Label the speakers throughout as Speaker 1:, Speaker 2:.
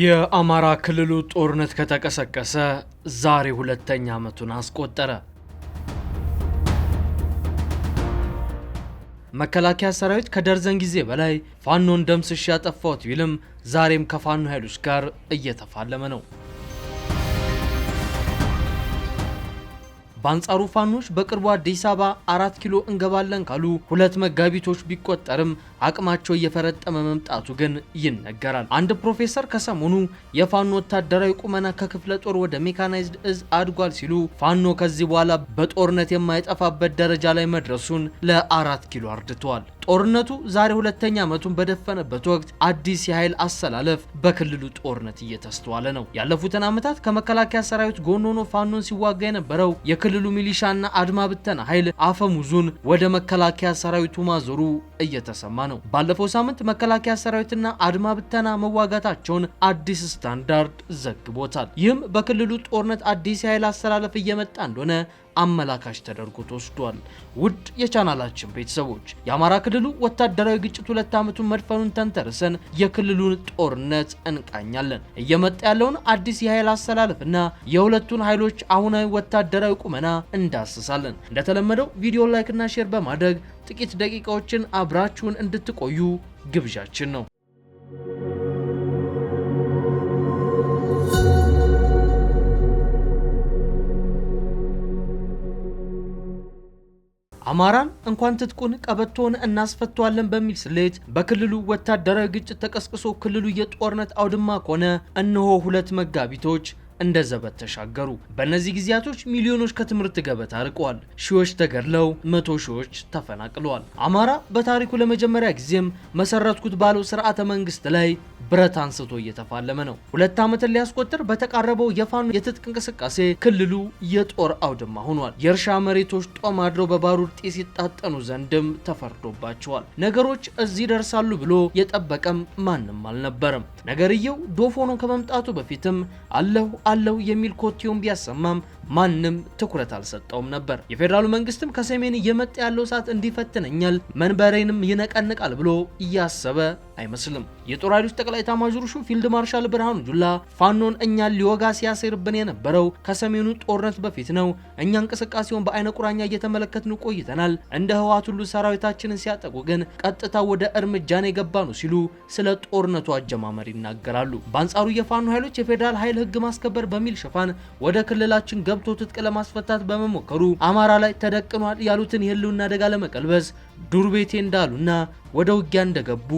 Speaker 1: የአማራ ክልሉ ጦርነት ከተቀሰቀሰ ዛሬ ሁለተኛ ዓመቱን አስቆጠረ። መከላከያ ሰራዊት ከደርዘን ጊዜ በላይ ፋኖን ደምስሽ ያጠፋሁት ቢልም ዛሬም ከፋኖ ኃይሎች ጋር እየተፋለመ ነው። በአንጻሩ ፋኖች በቅርቡ አዲስ አበባ አራት ኪሎ እንገባለን ካሉ ሁለት መጋቢቶች ቢቆጠርም አቅማቸው እየፈረጠመ መምጣቱ ግን ይነገራል። አንድ ፕሮፌሰር ከሰሞኑ የፋኖ ወታደራዊ ቁመና ከክፍለ ጦር ወደ ሜካናይዝድ እዝ አድጓል ሲሉ ፋኖ ከዚህ በኋላ በጦርነት የማይጠፋበት ደረጃ ላይ መድረሱን ለአራት ኪሎ አርድተዋል። ጦርነቱ ዛሬ ሁለተኛ ዓመቱን በደፈነበት ወቅት አዲስ የኃይል አሰላለፍ በክልሉ ጦርነት እየተስተዋለ ነው። ያለፉትን ዓመታት ከመከላከያ ሰራዊት ጎን ሆኖ ፋኖን ሲዋጋ የነበረው የክልሉ ሚሊሻና አድማ ብተና ኃይል አፈሙዙን ወደ መከላከያ ሰራዊቱ ማዞሩ እየተሰማ ነው። ባለፈው ሳምንት መከላከያ ሰራዊትና አድማ ብተና መዋጋታቸውን አዲስ ስታንዳርድ ዘግቦታል። ይህም በክልሉ ጦርነት አዲስ የኃይል አሰላለፍ እየመጣ እንደሆነ አመላካች ተደርጎ ተወስዷል። ውድ የቻናላችን ቤተሰቦች የአማራ ክልሉ ወታደራዊ ግጭት ሁለት ዓመቱን መድፈኑን ተንተርሰን የክልሉን ጦርነት እንቃኛለን። እየመጣ ያለውን አዲስ የኃይል አሰላለፍና የሁለቱን ኃይሎች አሁናዊ ወታደራዊ ቁመና እንዳስሳለን። እንደተለመደው ቪዲዮ ላይክና ሼር በማድረግ ጥቂት ደቂቃዎችን አብራችሁን እንድትቆዩ ግብዣችን ነው። አማራን እንኳን ትጥቁን ቀበቶን እናስፈተዋለን በሚል ስሌት በክልሉ ወታደራዊ ግጭት ተቀስቅሶ ክልሉ የጦርነት አውድማ ከሆነ እነሆ ሁለት መጋቢቶች እንደ ዘበት ተሻገሩ። በእነዚህ ጊዜያቶች ሚሊዮኖች ከትምህርት ገበታ ርቀዋል፣ ሺዎች ተገድለው፣ መቶ ሺዎች ተፈናቅለዋል። አማራ በታሪኩ ለመጀመሪያ ጊዜም መሰረትኩት ባለው ስርዓተ መንግስት ላይ ብረት አንስቶ እየተፋለመ ነው። ሁለት ዓመትን ሊያስቆጥር በተቃረበው የፋኖ የትጥቅ እንቅስቃሴ ክልሉ የጦር አውድማ ሆኗል። የእርሻ መሬቶች ጦም አድረው በባሩድ ጢስ ይጣጠኑ ዘንድም ተፈርዶባቸዋል። ነገሮች እዚህ ደርሳሉ ብሎ የጠበቀም ማንም አልነበረም። ነገርየው ዶፍ ሆኖ ከመምጣቱ በፊትም አለሁ አለው የሚል ኮቴውን ቢያሰማም ማንም ትኩረት አልሰጠውም ነበር። የፌዴራሉ መንግስትም ከሰሜን እየመጣ ያለው እሳት እንዲፈትነኛል መንበሬንም ይነቀንቃል ብሎ እያሰበ አይመስልም። የጦር ኃይሎች ጠቅላይ ኤታማዦር ሹም ፊልድ ማርሻል ብርሃኑ ጁላ ፋኖን እኛን ሊወጋ ሲያሰርብን የነበረው ከሰሜኑ ጦርነት በፊት ነው። እኛ እንቅስቃሴውን በአይነ ቁራኛ እየተመለከትን ቆይተናል። እንደ ህወሓት ሁሉ ሰራዊታችንን ሲያጠቁ ግን ቀጥታ ወደ እርምጃን የገባ ነው ሲሉ ስለ ጦርነቱ አጀማመር ይናገራሉ። በአንጻሩ የፋኖ ኃይሎች የፌዴራል ኃይል ህግ ማስከበር በሚል ሽፋን ወደ ክልላችን ገብቶ ትጥቅ ለማስፈታት በመሞከሩ አማራ ላይ ተደቅኗል ያሉትን የህልውና አደጋ ለመቀልበስ ዱር ቤቴ እንዳሉና ወደ ውጊያ እንደገቡ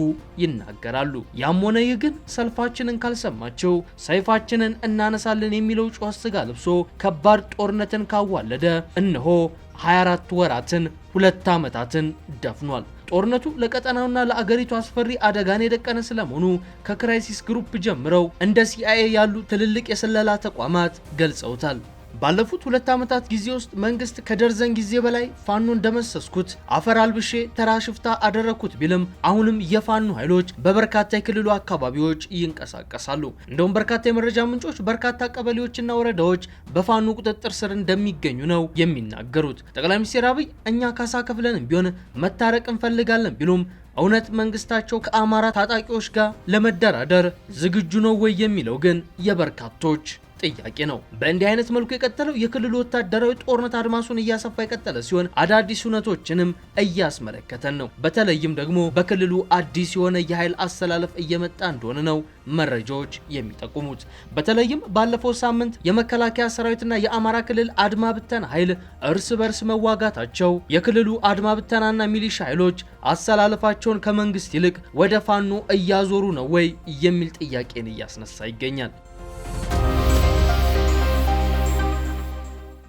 Speaker 1: ይናገራሉ። ያም ሆነ ይህ ግን ሰልፋችንን ካልሰማቸው ሰይፋችንን እናነሳለን የሚለው ጩኸት ስጋ ልብሶ ከባድ ጦርነትን ካዋለደ እነሆ 24 ወራትን ሁለት ዓመታትን ደፍኗል። ጦርነቱ ለቀጠናውና ለአገሪቱ አስፈሪ አደጋን የደቀነ ስለመሆኑ ከክራይሲስ ግሩፕ ጀምረው እንደ ሲአይኤ ያሉ ትልልቅ የስለላ ተቋማት ገልጸውታል። ባለፉት ሁለት ዓመታት ጊዜ ውስጥ መንግስት ከደርዘን ጊዜ በላይ ፋኖን ደመሰስኩት፣ አፈር አልብሼ ተራ ሽፍታ አደረግኩት ቢልም አሁንም የፋኖ ኃይሎች በበርካታ የክልሉ አካባቢዎች ይንቀሳቀሳሉ። እንደውም በርካታ የመረጃ ምንጮች በርካታ ቀበሌዎችና ወረዳዎች በፋኖ ቁጥጥር ስር እንደሚገኙ ነው የሚናገሩት። ጠቅላይ ሚኒስትር አብይ እኛ ካሳ ከፍለንም ቢሆን መታረቅ እንፈልጋለን ቢሉም እውነት መንግስታቸው ከአማራ ታጣቂዎች ጋር ለመደራደር ዝግጁ ነው ወይ የሚለው ግን የበርካቶች ጥያቄ ነው። በእንዲህ አይነት መልኩ የቀጠለው የክልሉ ወታደራዊ ጦርነት አድማሱን እያሰፋ የቀጠለ ሲሆን አዳዲስ እውነቶችንም እያስመለከተን ነው። በተለይም ደግሞ በክልሉ አዲስ የሆነ የኃይል አሰላለፍ እየመጣ እንደሆነ ነው መረጃዎች የሚጠቁሙት። በተለይም ባለፈው ሳምንት የመከላከያ ሰራዊትና የአማራ ክልል አድማ ብተና ኃይል እርስ በርስ መዋጋታቸው የክልሉ አድማ ብተናና ሚሊሻ ኃይሎች አሰላለፋቸውን ከመንግስት ይልቅ ወደ ፋኖ እያዞሩ ነው ወይ የሚል ጥያቄን እያስነሳ ይገኛል።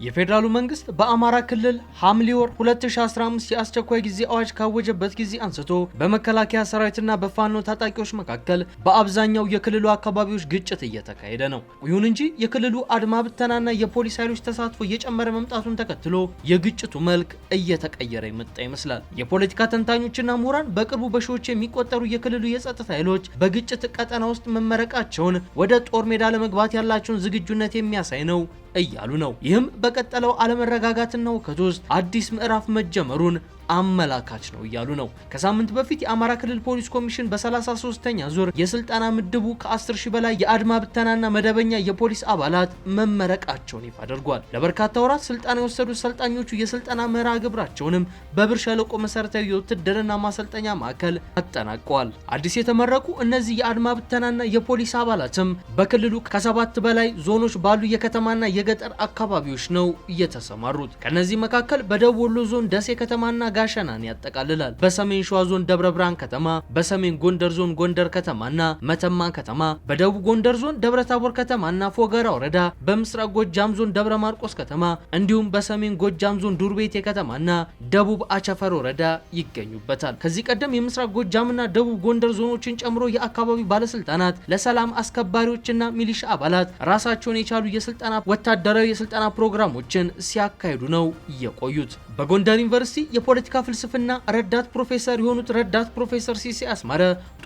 Speaker 1: የፌዴራሉ መንግስት በአማራ ክልል ሐምሌ ወር 2015 የአስቸኳይ ጊዜ አዋጅ ካወጀበት ጊዜ አንስቶ በመከላከያ ሰራዊትና በፋኖ ታጣቂዎች መካከል በአብዛኛው የክልሉ አካባቢዎች ግጭት እየተካሄደ ነው። ይሁን እንጂ የክልሉ አድማ ብተናና የፖሊስ ኃይሎች ተሳትፎ እየጨመረ መምጣቱን ተከትሎ የግጭቱ መልክ እየተቀየረ የመጣ ይመስላል። የፖለቲካ ተንታኞችና ምሁራን በቅርቡ በሺዎች የሚቆጠሩ የክልሉ የጸጥታ ኃይሎች በግጭት ቀጠና ውስጥ መመረቃቸውን ወደ ጦር ሜዳ ለመግባት ያላቸውን ዝግጁነት የሚያሳይ ነው እያሉ ነው። ይህም በቀጠለው አለመረጋጋትና ውከት ውስጥ አዲስ ምዕራፍ መጀመሩን አመላካች ነው እያሉ ነው። ከሳምንት በፊት የአማራ ክልል ፖሊስ ኮሚሽን በ33ኛ ዙር የስልጠና ምድቡ ከ10 ሺህ በላይ የአድማ ብተናና መደበኛ የፖሊስ አባላት መመረቃቸውን ይፋ አድርጓል። ለበርካታ ወራት ስልጠና የወሰዱ ሰልጣኞቹ የስልጠና መርሃ ግብራቸውንም በብር ሸለቆ መሰረታዊ የውትድርና ማሰልጠኛ ማዕከል አጠናቀዋል። አዲስ የተመረቁ እነዚህ የአድማ ብተናና የፖሊስ አባላትም በክልሉ ከሰባት በላይ ዞኖች ባሉ የከተማና የገጠር አካባቢዎች ነው እየተሰማሩት። ከነዚህ መካከል በደቡብ ወሎ ዞን ደሴ ከተማና ጋሸናን ያጠቃልላል። በሰሜን ሸዋ ዞን ደብረ ብርሃን ከተማ፣ በሰሜን ጎንደር ዞን ጎንደር ከተማና መተማ ከተማ፣ በደቡብ ጎንደር ዞን ደብረ ታቦር ከተማና ፎገራ ወረዳ፣ በምስራቅ ጎጃም ዞን ደብረ ማርቆስ ከተማ እንዲሁም በሰሜን ጎጃም ዞን ዱርቤቴ ከተማና ደቡብ አቸፈር ወረዳ ይገኙበታል። ከዚህ ቀደም የምስራቅ ጎጃምና ደቡብ ጎንደር ዞኖችን ጨምሮ የአካባቢው ባለስልጣናት ለሰላም አስከባሪዎችና ሚሊሻ አባላት ራሳቸውን የቻሉ የስልጠና ወታደራዊ የስልጠና ፕሮግራሞችን ሲያካሂዱ ነው የቆዩት። በጎንደር ዩኒቨርሲቲ የፖለቲካ ፍልስፍና ረዳት ፕሮፌሰር የሆኑት ረዳት ፕሮፌሰር ሲሲ አስማረ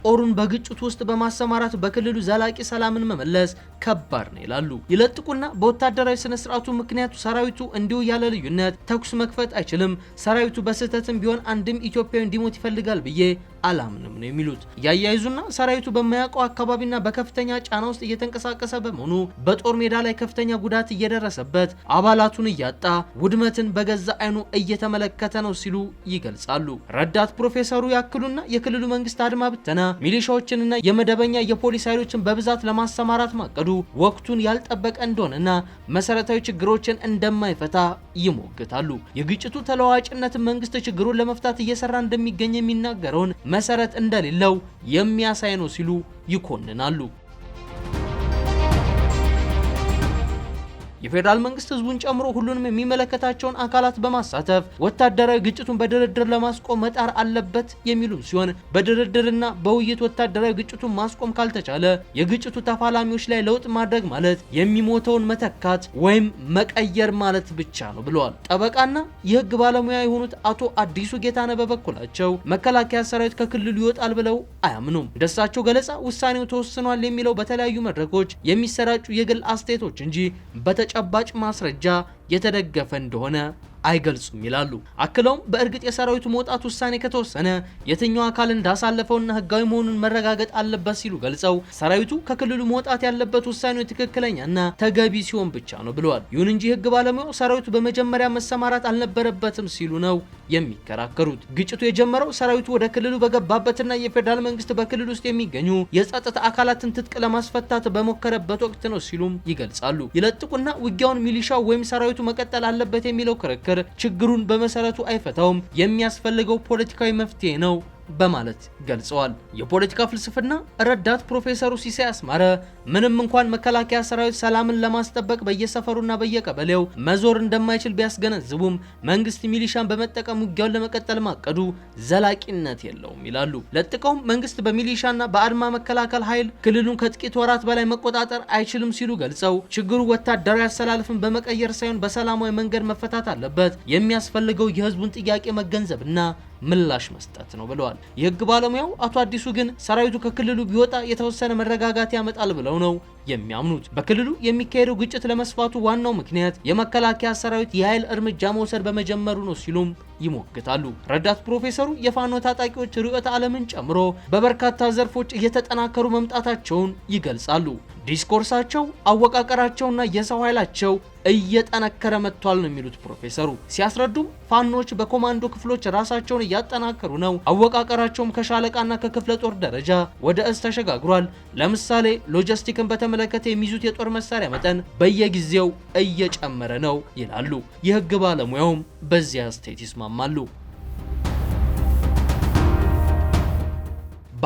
Speaker 1: ጦሩን በግጭት ውስጥ በማሰማራት በክልሉ ዘላቂ ሰላምን መመለስ ከባድ ነው ይላሉ። ይለጥቁና በወታደራዊ ስነ ስርዓቱ ምክንያቱ ሰራዊቱ እንዲሁ ያለ ልዩነት ተኩስ መክፈት አይችልም፣ ሰራዊቱ በስህተትም ቢሆን አንድም ኢትዮጵያዊ እንዲሞት ይፈልጋል ብዬ አላምንም ነው የሚሉት። እያያይዙና ሰራዊቱ በማያውቀው አካባቢና በከፍተኛ ጫና ውስጥ እየተንቀሳቀሰ በመሆኑ በጦር ሜዳ ላይ ከፍተኛ ጉዳት እየደረሰበት አባላቱን እያጣ ውድመትን በገዛ አይኑ እየተመለከተ ነው ሲሉ ይገልጻሉ። ረዳት ፕሮፌሰሩ ያክሉና የክልሉ መንግስት አድማ ብተና ሚሊሻዎችንና የመደበኛ የፖሊስ ኃይሎችን በብዛት ለማሰማራት ማቀዱ ወቅቱን ያልጠበቀ እንደሆነና መሰረታዊ ችግሮችን እንደማይፈታ ይሞግታሉ። የግጭቱ ተለዋዋጭነት መንግስት ችግሩን ለመፍታት እየሰራ እንደሚገኝ የሚናገረውን መሰረት እንደሌለው የሚያሳይ ነው ሲሉ ይኮንናሉ። የፌዴራል መንግስት ህዝቡን ጨምሮ ሁሉንም የሚመለከታቸውን አካላት በማሳተፍ ወታደራዊ ግጭቱን በድርድር ለማስቆም መጣር አለበት የሚሉ ሲሆን በድርድርና በውይይት ወታደራዊ ግጭቱን ማስቆም ካልተቻለ የግጭቱ ተፋላሚዎች ላይ ለውጥ ማድረግ ማለት የሚሞተውን መተካት ወይም መቀየር ማለት ብቻ ነው ብለዋል። ጠበቃና የህግ ባለሙያ የሆኑት አቶ አዲሱ ጌታነ በበኩላቸው መከላከያ ሰራዊት ከክልሉ ይወጣል ብለው አያምኑም። እንደሳቸው ገለጻ ውሳኔው ተወስኗል የሚለው በተለያዩ መድረኮች የሚሰራጩ የግል አስተያየቶች እንጂ በተጨ በተጨባጭ ማስረጃ የተደገፈ እንደሆነ አይገልጹም ይላሉ። አክለውም በእርግጥ የሰራዊቱ መውጣት ውሳኔ ከተወሰነ የትኛው አካል እንዳሳለፈውና ህጋዊ መሆኑን መረጋገጥ አለበት ሲሉ ገልጸው ሰራዊቱ ከክልሉ መውጣት ያለበት ውሳኔው ትክክለኛና ተገቢ ሲሆን ብቻ ነው ብለዋል። ይሁን እንጂ ህግ ባለሙያው ሰራዊቱ በመጀመሪያ መሰማራት አልነበረበትም ሲሉ ነው የሚከራከሩት። ግጭቱ የጀመረው ሰራዊቱ ወደ ክልሉ በገባበትና የፌዴራል መንግስት በክልል ውስጥ የሚገኙ የጸጥታ አካላትን ትጥቅ ለማስፈታት በሞከረበት ወቅት ነው ሲሉም ይገልጻሉ። ይለጥቁና ውጊያውን ሚሊሻው ወይም ሰራዊቱ መቀጠል አለበት የሚለው ክርክር ችግሩን በመሰረቱ አይፈታውም። የሚያስፈልገው ፖለቲካዊ መፍትሄ ነው በማለት ገልጸዋል። የፖለቲካ ፍልስፍና ረዳት ፕሮፌሰሩ ሲሳይ አስማረ ምንም እንኳን መከላከያ ሰራዊት ሰላምን ለማስጠበቅ በየሰፈሩና በየቀበሌው መዞር እንደማይችል ቢያስገነዝቡም መንግስት ሚሊሻን በመጠቀም ውጊያውን ለመቀጠል ማቀዱ ዘላቂነት የለውም ይላሉ። ለጥቀውም መንግስት በሚሊሻና በአድማ መከላከል ኃይል ክልሉን ከጥቂት ወራት በላይ መቆጣጠር አይችልም ሲሉ ገልጸው ችግሩ ወታደራዊ አሰላለፍን በመቀየር ሳይሆን በሰላማዊ መንገድ መፈታት አለበት። የሚያስፈልገው የህዝቡን ጥያቄ መገንዘብና ምላሽ መስጠት ነው ብለዋል። የህግ ባለሙያው አቶ አዲሱ ግን ሰራዊቱ ከክልሉ ቢወጣ የተወሰነ መረጋጋት ያመጣል ብለው ነው የሚያምኑት በክልሉ የሚካሄደው ግጭት ለመስፋቱ ዋናው ምክንያት የመከላከያ ሰራዊት የኃይል እርምጃ መውሰድ በመጀመሩ ነው ሲሉም ይሞግታሉ። ረዳት ፕሮፌሰሩ የፋኖ ታጣቂዎች ርዕዮተ ዓለምን ጨምሮ በበርካታ ዘርፎች እየተጠናከሩ መምጣታቸውን ይገልጻሉ። ዲስኮርሳቸው አወቃቀራቸውና የሰው ኃይላቸው እየጠነከረ መጥቷል ነው የሚሉት ፕሮፌሰሩ። ሲያስረዱም ፋኖች በኮማንዶ ክፍሎች ራሳቸውን እያጠናከሩ ነው። አወቃቀራቸውም ከሻለቃና ከክፍለ ጦር ደረጃ ወደ እዝ ተሸጋግሯል። ለምሳሌ ሎጂስቲክን በተመለከተ የሚይዙት የጦር መሳሪያ መጠን በየጊዜው እየጨመረ ነው ይላሉ። የህግ ባለሙያውም በዚያ አስተያየት ይስማማሉ።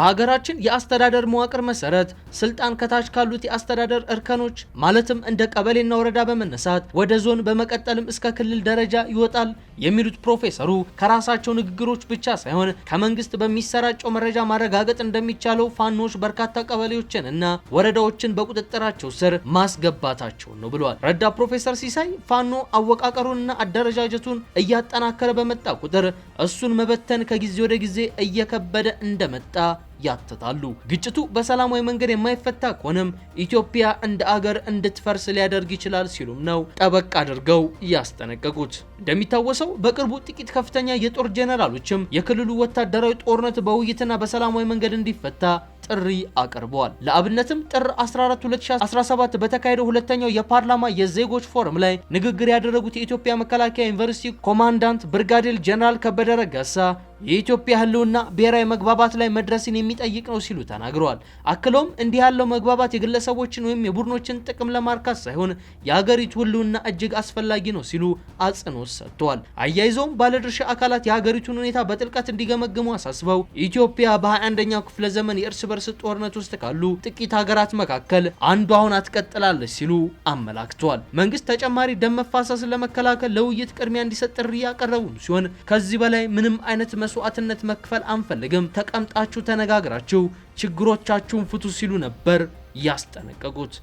Speaker 1: በሀገራችን የአስተዳደር መዋቅር መሰረት ስልጣን ከታች ካሉት የአስተዳደር እርከኖች ማለትም እንደ ቀበሌና ወረዳ በመነሳት ወደ ዞን በመቀጠልም እስከ ክልል ደረጃ ይወጣል የሚሉት ፕሮፌሰሩ ከራሳቸው ንግግሮች ብቻ ሳይሆን ከመንግስት በሚሰራጨው መረጃ ማረጋገጥ እንደሚቻለው ፋኖች በርካታ ቀበሌዎችን እና ወረዳዎችን በቁጥጥራቸው ስር ማስገባታቸውን ነው ብለዋል። ረዳ ፕሮፌሰር ሲሳይ ፋኖ አወቃቀሩንና አደረጃጀቱን እያጠናከረ በመጣ ቁጥር እሱን መበተን ከጊዜ ወደ ጊዜ እየከበደ እንደመጣ ያትታሉ። ግጭቱ በሰላማዊ መንገድ የማይፈታ ከሆነም ኢትዮጵያ እንደ አገር እንድትፈርስ ሊያደርግ ይችላል ሲሉም ነው ጠበቅ አድርገው ያስጠነቀቁት። እንደሚታወሰው በቅርቡ ጥቂት ከፍተኛ የጦር ጄኔራሎችም የክልሉ ወታደራዊ ጦርነት በውይይትና በሰላማዊ መንገድ እንዲፈታ ጥሪ አቅርበዋል። ለአብነትም ጥር 14 2017 በተካሄደው ሁለተኛው የፓርላማ የዜጎች ፎረም ላይ ንግግር ያደረጉት የኢትዮጵያ መከላከያ ዩኒቨርሲቲ ኮማንዳንት ብርጋዴር ጄኔራል ከበደ ረጋሳ የኢትዮጵያ ህልውና ብሔራዊ መግባባት ላይ መድረስን የሚጠይቅ ነው ሲሉ ተናግረዋል። አክሎም እንዲህ ያለው መግባባት የግለሰቦችን ወይም የቡድኖችን ጥቅም ለማርካት ሳይሆን የሀገሪቱ ህልውና እጅግ አስፈላጊ ነው ሲሉ አጽንኦት ሰጥተዋል። አያይዘውም ባለድርሻ አካላት የሀገሪቱን ሁኔታ በጥልቀት እንዲገመግሙ አሳስበው ኢትዮጵያ በ21ኛው ክፍለ ዘመን የእርስ በርስ ጦርነት ውስጥ ካሉ ጥቂት ሀገራት መካከል አንዷ አሁን ትቀጥላለች ሲሉ አመላክተዋል። መንግስት ተጨማሪ ደም መፋሰስን ለመከላከል ለውይይት ቅድሚያ እንዲሰጥ ጥሪ ያቀረቡም ሲሆን ከዚህ በላይ ምንም አይነት መስዋዕትነት መክፈል አንፈልግም፣ ተቀምጣችሁ ተነጋግራችሁ ችግሮቻችሁን ፍቱ ሲሉ ነበር ያስጠነቀቁት።